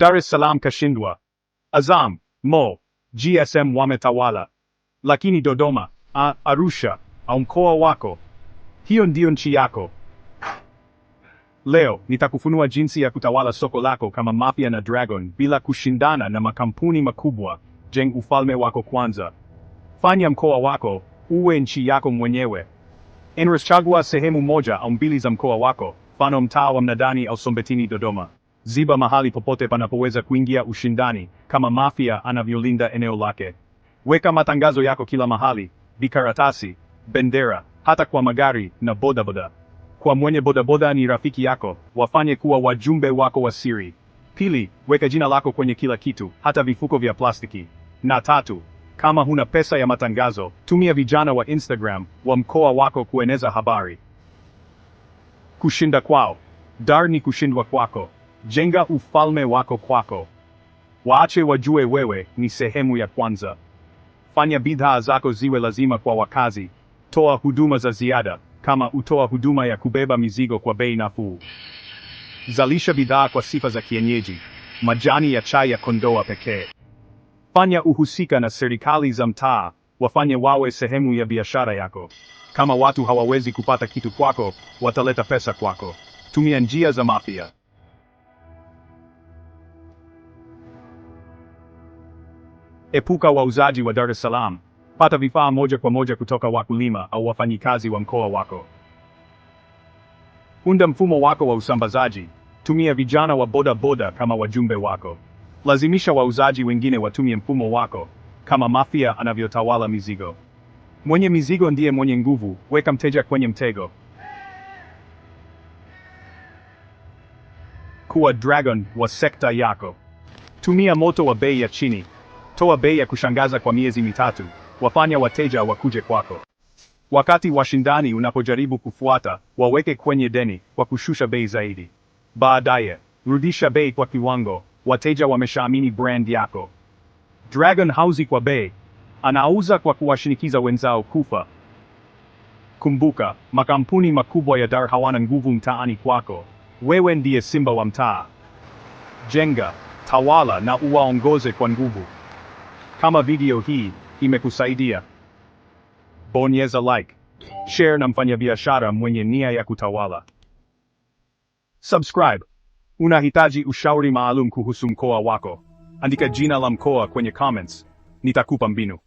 Dar es Salaam kashindwa. Azam, Mo, GSM wametawala, lakini Dodoma, a, Arusha au mkoa wako, hiyo ndiyo nchi yako. Leo nitakufunua jinsi ya kutawala soko lako kama Mafia na Dragon bila kushindana na makampuni makubwa. Jeng ufalme wako kwanza, fanya mkoa wako uwe nchi yako mwenyewe. Enrichagua sehemu moja au mbili za mkoa wako, mfano mtaa wa Mnadani au Sombetini Dodoma ziba mahali popote panapoweza kuingia ushindani, kama Mafia anavyolinda eneo lake. Weka matangazo yako kila mahali, vikaratasi, bendera, hata kwa magari na bodaboda. Kwa mwenye bodaboda ni rafiki yako, wafanye kuwa wajumbe wako wa siri. Pili, weka jina lako kwenye kila kitu, hata vifuko vya plastiki. Na tatu, kama huna pesa ya matangazo, tumia vijana wa Instagram wa mkoa wako kueneza habari. Kushinda kwao, Dar ni kushindwa kwako. Jenga ufalme wako kwako. Waache wajue wewe ni sehemu ya kwanza. Fanya bidhaa zako ziwe lazima kwa wakazi. Toa huduma za ziada, kama utoa huduma ya kubeba mizigo kwa bei nafuu. Zalisha bidhaa kwa sifa za kienyeji, majani ya chai ya Kondoa pekee. Fanya uhusika na serikali za mtaa, wafanye wawe sehemu ya biashara yako. Kama watu hawawezi kupata kitu kwako, wataleta pesa kwako. Tumia njia za mafia. Epuka wauzaji wa Dar es Salaam. Pata vifaa moja kwa moja kutoka wakulima au wafanyikazi wa mkoa wako. Unda mfumo wako wa usambazaji. Tumia vijana wa boda boda kama wajumbe wako. Lazimisha wauzaji wengine watumie mfumo wako, kama Mafia anavyotawala mizigo. Mwenye mizigo ndiye mwenye nguvu. Weka mteja kwenye mtego. Kuwa dragon wa sekta yako. Tumia moto wa bei ya chini. Toa bei ya kushangaza kwa miezi mitatu, wafanya wateja wakuje kwako. Wakati washindani unapojaribu kufuata, waweke kwenye deni kwa kushusha bei zaidi. Baadaye rudisha bei kwa kiwango wateja wameshaamini brand yako. Dragon hauzi kwa bei, anauza kwa kuwashinikiza wenzao kufa. Kumbuka, makampuni makubwa ya Dar hawana nguvu mtaani kwako. Wewe ndiye simba wa mtaa. Jenga, tawala na uwaongoze kwa nguvu. Kama video hii imekusaidia, bonyeza like, share na mfanyabiashara mwenye nia ya kutawala. Subscribe. Unahitaji ushauri maalum kuhusu mkoa wako? Andika jina la mkoa kwenye comments, nitakupa mbinu.